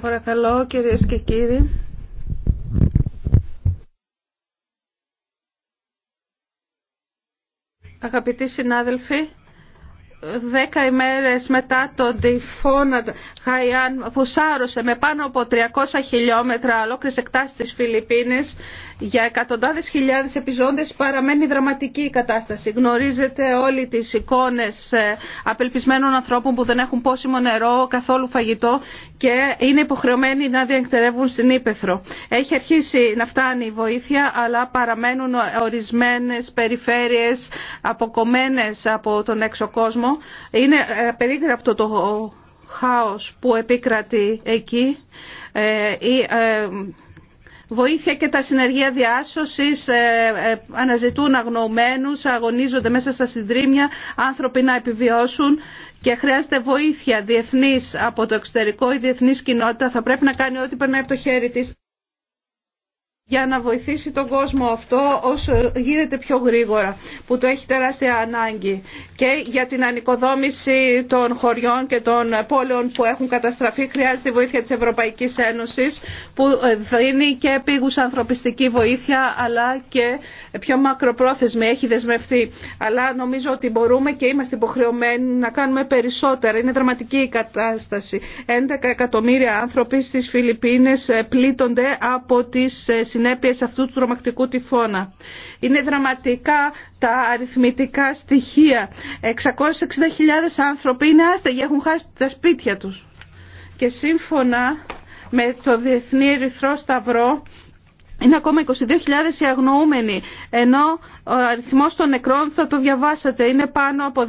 παρακαλώ κυρίες και κύριοι. Αγαπητοί συνάδελφοι, δέκα ημέρες μετά τον τυφώνα Χαϊάν που σάρωσε με πάνω από 300 χιλιόμετρα ολόκληρες εκτάσεις της Φιλιππίνης για εκατοντάδες χιλιάδες επιζώντες παραμένει δραματική η κατάσταση. Γνωρίζετε όλοι τις εικόνες ε, απελπισμένων ανθρώπων που δεν έχουν πόσιμο νερό, καθόλου φαγητό και είναι υποχρεωμένοι να διεκτερεύουν στην Ήπεθρο. Έχει αρχίσει να φτάνει η βοήθεια, αλλά παραμένουν ορισμένες περιφέρειες αποκομμένες από τον έξω κόσμο. Είναι ε, περίγραπτο το χάος που επίκρατει εκεί. Ε, Βοήθεια και τα συνεργεία διάσωσης ε, ε, αναζητούν αγνοωμένους, αγωνίζονται μέσα στα συντρίμια, άνθρωποι να επιβιώσουν και χρειάζεται βοήθεια διεθνής από το εξωτερικό. Η διεθνής κοινότητα θα πρέπει να κάνει ό,τι περνάει από το χέρι της για να βοηθήσει τον κόσμο αυτό όσο ε, γίνεται πιο γρήγορα που το έχει τεράστια ανάγκη και για την ανοικοδόμηση των χωριών και των πόλεων που έχουν καταστραφεί χρειάζεται η βοήθεια της Ευρωπαϊκής Ένωσης που ε, δίνει και επίγουσα ανθρωπιστική βοήθεια αλλά και πιο μακροπρόθεσμη έχει δεσμευτεί αλλά νομίζω ότι μπορούμε και είμαστε υποχρεωμένοι να κάνουμε περισσότερα είναι δραματική η κατάσταση 11 εκατομμύρια άνθρωποι στις Φιλιππίνες ε, πλήττονται από τις συνέπειες αυτού του τρομακτικού τυφώνα. Είναι δραματικά τα αριθμητικά στοιχεία. 660.000 άνθρωποι είναι άστεγοι, έχουν χάσει τα σπίτια τους. Και σύμφωνα με το Διεθνή Ερυθρό Σταυρό είναι ακόμα 22.000 οι αγνοούμενοι, ενώ ο αριθμός των νεκρών θα το διαβάσατε, είναι πάνω από 2.500.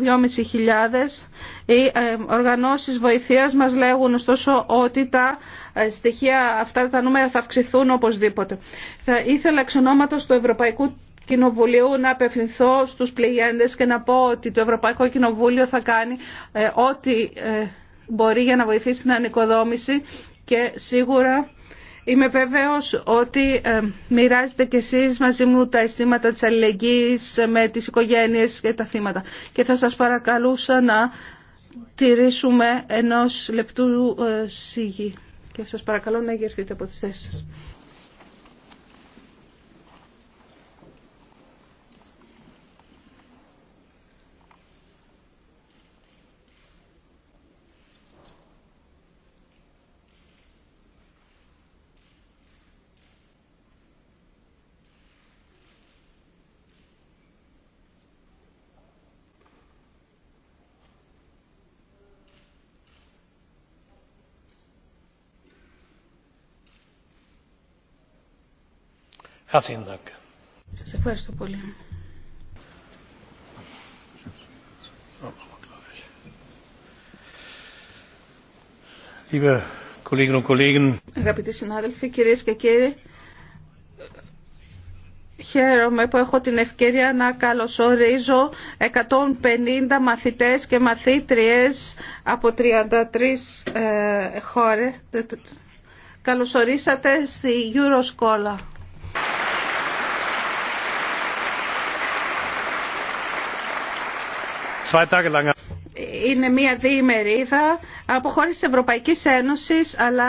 Οι ε, οργανώσεις βοηθείας μας λέγουν ωστόσο ότι τα ε, στοιχεία αυτά τα νούμερα θα αυξηθούν οπωσδήποτε. Θα ήθελα εξ ονόματος του Ευρωπαϊκού Κοινοβουλίου να απευθυνθώ στους πληγέντες και να πω ότι το Ευρωπαϊκό Κοινοβούλιο θα κάνει ε, ό,τι μπορεί για να βοηθήσει την ανοικοδόμηση και σίγουρα Είμαι βέβαιος ότι ε, μοιράζετε κι εσείς μαζί μου τα αισθήματα της αλληλεγγύης ε, με τις οικογένειες και τα θύματα. Και θα σας παρακαλούσα να τηρήσουμε ενός λεπτού ε, σιγή. Και σας παρακαλώ να γερθείτε από τις θέσεις σας. Σας ευχαριστώ πολύ. Αγαπητοί συνάδελφοι, κυρίες και κύριοι, χαίρομαι που έχω την ευκαιρία να καλωσορίζω 150 μαθητές και μαθήτριες από 33 ε, χώρες. Καλωσορίσατε στη Euroscola. Είναι μια διημερίδα από χώρες της Ευρωπαϊκής Ένωσης αλλά